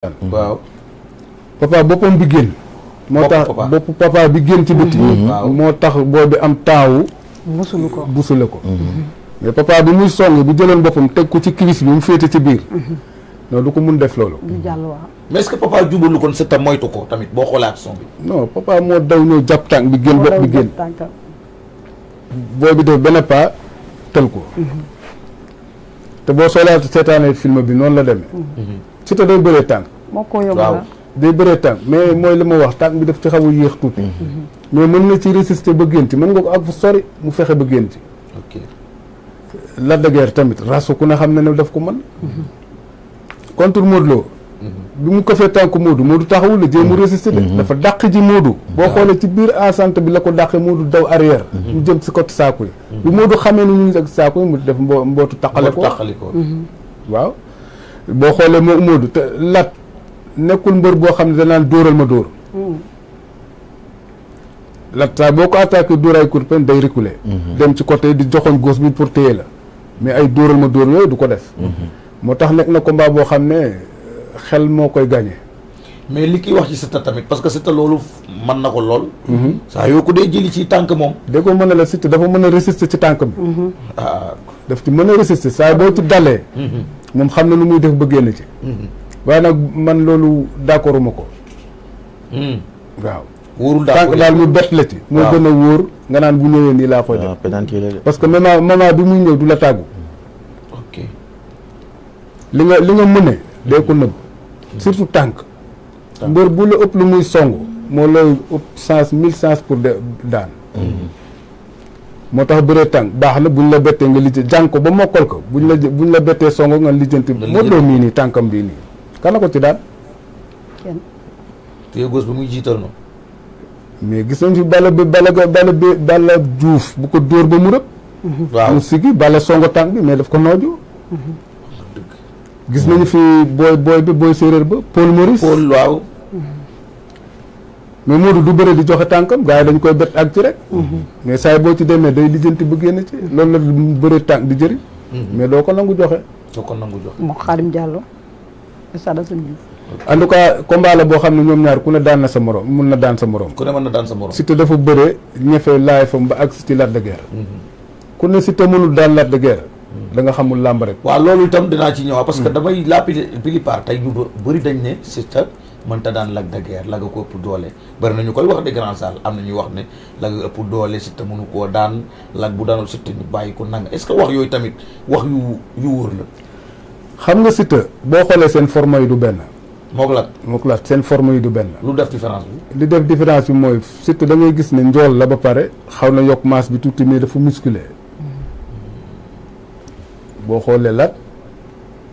Mhm. waaw papa boppam bi génn moo tax bopp papa bi génn ci biti mhm. moo tax boo bi am taawu busulu ko busule ko mhm. mais papa bi muy song bu jëloon boppam teg ko ci crise bi mu féete ci biir non du ko mun def loolu mais est-ce que papa jubalu kon c'est tam ko tamit boo xoolaat son bi non papa moo daw ñëw jàpp tànk bi génn bopp bi bi def benn pas tël ko te boo soolaat seetaanee film bi noonu la demee Siteu day bëree tànk. moo ko yomb waaw day bëree tànk mais mooy li ma wax tànk bi daf ci xaw a yéex tuuti. Mhm. mais mën na ci résisté ba génti mën nga ko ak fu sori mu fexe ba génti. ok Lac de tamit rasu ku ne xam ne ne daf ko man contre Modou Lo. Mhm. bi mu ko fee tànk Modou Modou taxawul la jéem mu mhm. résister de. dafa dàq ji Modou. boo xoolee ci biir enceinte bi la ko dàq moo daw arrière. mu jëm si côté saako yi. bi Modou xamee ni ñu ngi ak saako yi mu def mbootu taqale ko waaw. boo xoolee moo umóodu te lat nekkul mbër boo xam ne danaan dóoral ma dóor hmm. lat saa boo ko attaqué dóor ay coup de day reculer hmm. dem ci côté di joxoñ goos bi pour téye la mais ay dóoral ma dóor yooyu du ko def hmm. moo tax nekk na combat boo xam ne euh, xel moo koy gagné mais li kiy wax ci Siteu tamit parce que Siteu loolu man na ko lool saa yoo ko dee jëli ci tànk moom da ko mën a la Siteu dafa mën a résister ci tànk bi daf ci mën a résister saa boo ci dalee moom xam na lu muy def bëggee na ci. Mm-hmm. waaye nag man loolu d'accord ma ko. Mm. waaw. wóorul tànk daal mu bett la ci. moo gën a wóor nga naan bu ñëwee nii laa koy def. Ah, parce que moment moment bi muy ñëw du la tàggu. li nga li nga mëne dee ko nëbb. Mm. surtout tànk. mbër bu la ëpp lu muy song moo lay ëpp sens mille sens pour de daan. Mm-hmm. moo tax bëree tànk baax na buñ la bettee nga lijjanti jàng ko ba mokkal ko bu la buñ la bettee songo nga lijjanti. Modou Lo mii nii tànkam bii nii. kan la ko ci daan. bi muy jiital noonu. mais gis nañ fi bala ba bala bala bala juuf bu ko dóor ba mu rëb. Mhm. waaw mu sigi bala songo tànk bi mais daf ko nooju. Mhm. gis nañu fi booy booy bi booy séeréer ba Paul Maurice. Paul waaw. mais Modou du bëre di joxe tànkam gars yi dañ koy bett ak ci rek. Mhm. mais saay boo ci demee day lijjanti ba génn ci loolu la bëre tànk di jëriñ. Mhm. mais doo ko nangu joxe. doo ko nangu joxe. moom Xaadim Diallo. en tout cas combat la boo xam ne ñoom ñaar ku ne daan sa morom mun na daan sa ku ne mën daan sa morom. Siteu dafa bëre ñefe laay fam ba ak ci Lac de Guiers. Mhm. ku ne Siteu mënul daan Lac danga xamul làmb rek. waa loolu itam dinaa ci ñëw a parce que damay la plupart tey ñu bëri dañ ne Siteu mënta daan lag de Guiers la ko ëpp doole bari na ñu koy wax de grand salle am na ñuy wax ne la nga ëpp doole Siteu mënu koo daan Lac bu daanul Siteu ñu bàyyi ko nanga est-ce que wax yooyu tamit wax yu yu wóor la. xam nga Siteu boo xoolee seen forme yi du benn. mook Lac mook Lac seen forme yi du benn. lu def différence bi. li def différence bi mooy Siteu da gis ne njool la ba pare xaw na yokk masse bi tuuti mais dafa musculé mm. boo xoolee Lac.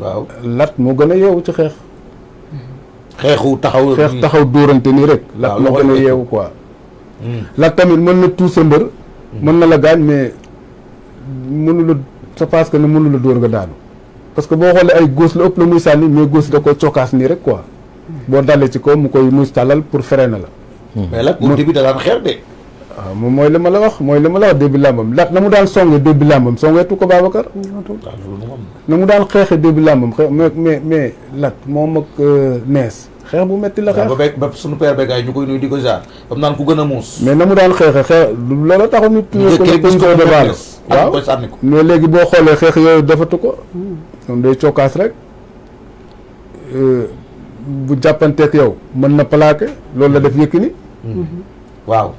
waaw lat moo gën a yeewu ci xeex. xeexu taxaw xeex taxaw dóorante nii rek. lat moo gën a yeewu quoi. Hmm. lat tamit mën na tuut sa mbër. Hmm. mën na la gaañ mais mënu la sa parce que ne mënu la dóor nga daanu. parce que boo xoolee ay góos la ëpp la muy sànni mais góos da ko cokkaas nii rek quoi. Hmm. boo dalee ci ko mu koy muy tàllal pour na la. mais lat bu début da daan xeex de. waaw ah, mooy la ma la wax mooy li ma la wax début làmbam ndax na mu daan songe début làmbam songeetu ko Babacar. Ah, na mu daan xeexe début làmbam xeex mais mais lat moom ak euh, nees. xeex bu metti la xeex ah, ba suñu père Begaay koy nuyu di ko jaar bam naan ku gën a muus. mais na mu daan xeexe xeex loola taxoon ñu. tuye ko ne poñ de balle waaw mais léegi boo xoolee xeex yooyu defatu ko. moom day cokkaas rek euh, bu jàppanteeg yow mën na plaqué loolu la def yëkkini. Hmm. waaw.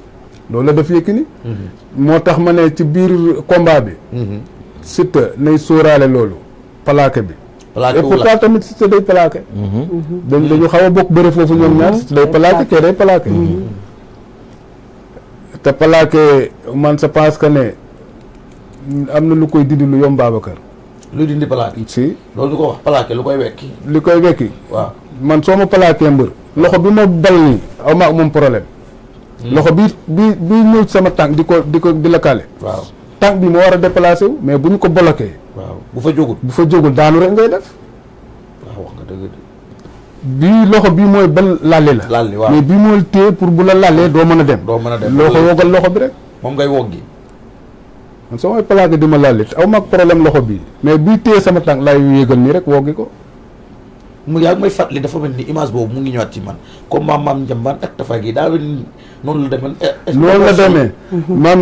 loolu la def Yékini moo tax ma ne ci biir combat bi Siteu nay sóoraale loolu plaqué bi palaake et pourtant tamit Siteu day plaqué dañ dañu xaw a bokk bëre foofu ñoom ñaar Siteu day mm-hmm. plaqué kee day plaqué mm-hmm. te plaqué man je pense que ne am na lu koy dindi lu yomb Babacar lu dindi plaqué si loolu du ko wax plaqué lu koy wekki li koy wekki waaw man soo ma plaqué mbër loxo bi ma bal nii aw ma ak moom problème loxo bi bi bi ñëw sama tànk di ko di ko di la kaale. waaw tànk bi moo war a déplacé wu mais bu ñu ko bloqué. waaw bu fa jógul bu fa jógul daanu rek ngay def. waaw wax nga dëgg bii loxo bii mooy ba lalle la. lalle waaw mais bii mooy téye pour bu la lalee doo mën a dem. doo mën a dem loo ko wogal loxo bi rek. moom ngay woggi. man soo may plaqué di ma lalle aw ma problème loxo bii mais bii téye sama tànk laay yéegal nii rek woggi ko. mu yaa ngi may fàttali dafa mu ngi ñëwaat ci man comme maam maam Njambaan ak Tafa gi daa mel noonu la demee. loolu la demee. maam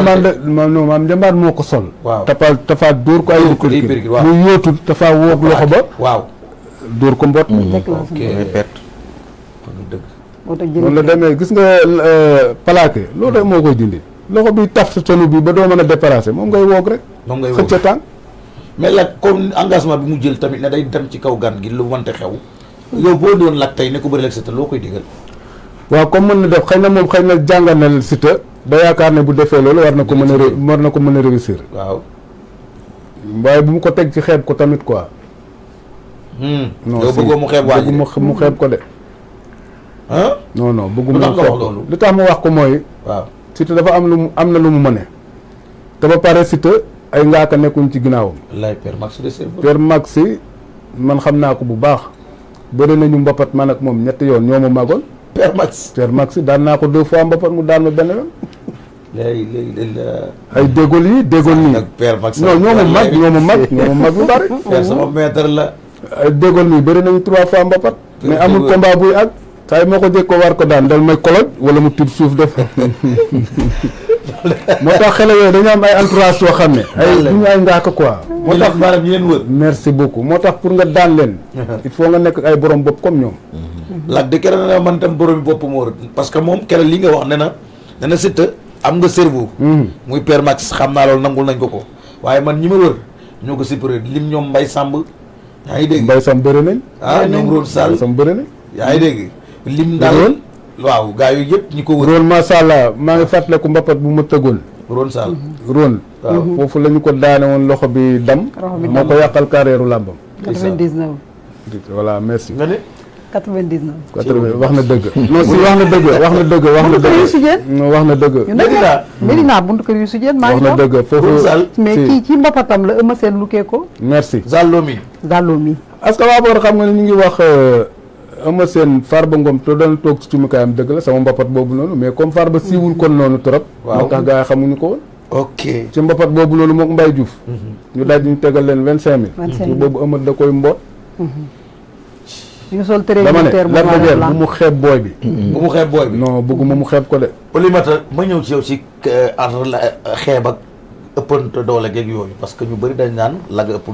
maam maam Njambaan ko sol. waaw Tafa Tafa dóor ko ay. dóor ko ay birgir waaw mu yóotul Tafa woog loxo ba. dóor ko mbot. ok pet. noonu la demee gis nga euh, plaqué loolu rek moo koy dindi. loxo bi taf sa tenu bi ba doo mën a dépassé moom ngay woog rek. xëcc tànk mais lak comme engagement bi mu jël tamit na day dem ci kaw gan gi lu wante xew yow boo doon lak tey ne ko bëri lak Siteu loo koy digal waaw comme mën na def xëy na moom xëy na jàngal na ba yaakaar ne bu defee loolu war na ko mën a war na ko mën a réussir waaw waaye bu mu ko teg ci xeeb ko tamit quoi hmm. non yow mu xeeb waa ji bëggu mu xeeb ko de ah non non bëggu mu xeeb ko li tax ma wax ko mooy waaw Siteu dafa am lu mu am na lu mu mëne te ba pare Siteu ay ngaaka nekkuñ ci ginnaawam. wallaay Père Max Père Max man xam naa ko bu baax. bëri nañu mboppat man ak moom ñetti yoon ñoo ma màggoon. Père Max Père Max daan naa ko deux fois mbapat mu daan ma benn yoon. léegi léegi ay dégol yi dégol nii. ak ñoo ma mag ñoo ma mag ñoo ma mag bu bari. la. ay dégol nii bëri nañu trois fois mbapat. mais amul combat buy ak. saa moo ko jékkoon war ko daan dal may koloj wala mu tibb suuf def. moo tax xale yooyu dañu am ay entourage yoo xam ne. ay du ñu ay ngaaka quoi. moo tax maanaam yéen wër. merci beaucoup moo tax pour nga daan leen. il faut nga nekk ay borom bopp comme ñoom. Mm-hmm. Lac de keroog na man tam borom bopp moo parce que moom kere li nga wax ne na ne na Siteu am nga cerveau. Mm-hmm. muy père Max xam naa loolu nangul nañ ko ko waaye man ñi ma wër ñoo ko supéré lim ñoom Mbaye Samb. yaa ngi dégg Mbaye Samb bëri nañ. ah ñoom Rol Sall Mbaye Samb bëri nañ. yaa ngi dégg lim daal. waaw gaa yooyu yëpp ñi ko wër. Rone maa ngi fàttaliku mbapat bu ma tëggoon. Rone Sall. Mm-hmm. Rone. waaw mm-hmm. foofu la ko daane woon loxo bi dam. ma ko yàqal carrière làmbam. 99. voilà merci. nga ne. 99. 99 wax na dëgg. wax na dëgg wax na dëgg wax na dëgg. wax na dëgg. Medina Medina buntu kër yu na dëgg foofu. mais kii ci mbapatam la ëmb seen lukkee ko. merci. Zallo mi. Zallo mi. est-ce xam nga ni ñu ngi wax. Euh, ama seen farba ngom te doon toog ci cumukaayam dëgg la sama mbapat boobu noonu mais comme farba siiwul kon noonu trop moo tax gaa yi xamuñu ko woon ok ci mbapat boobu noonu moom Mbaye Diouf mhm. ñu daal di tegal leen da koy mboot mhm. ñu sol bu mu xeeb booy bi mhm. bu mu xeeb booy bi non bëgguma mu xeeb ko de Oulimata ma ñëw ci yow si euh, ar euh, xeeb ak ëppante doole geeg yooyu parce que ñu bëri dañ naan la nga ëpp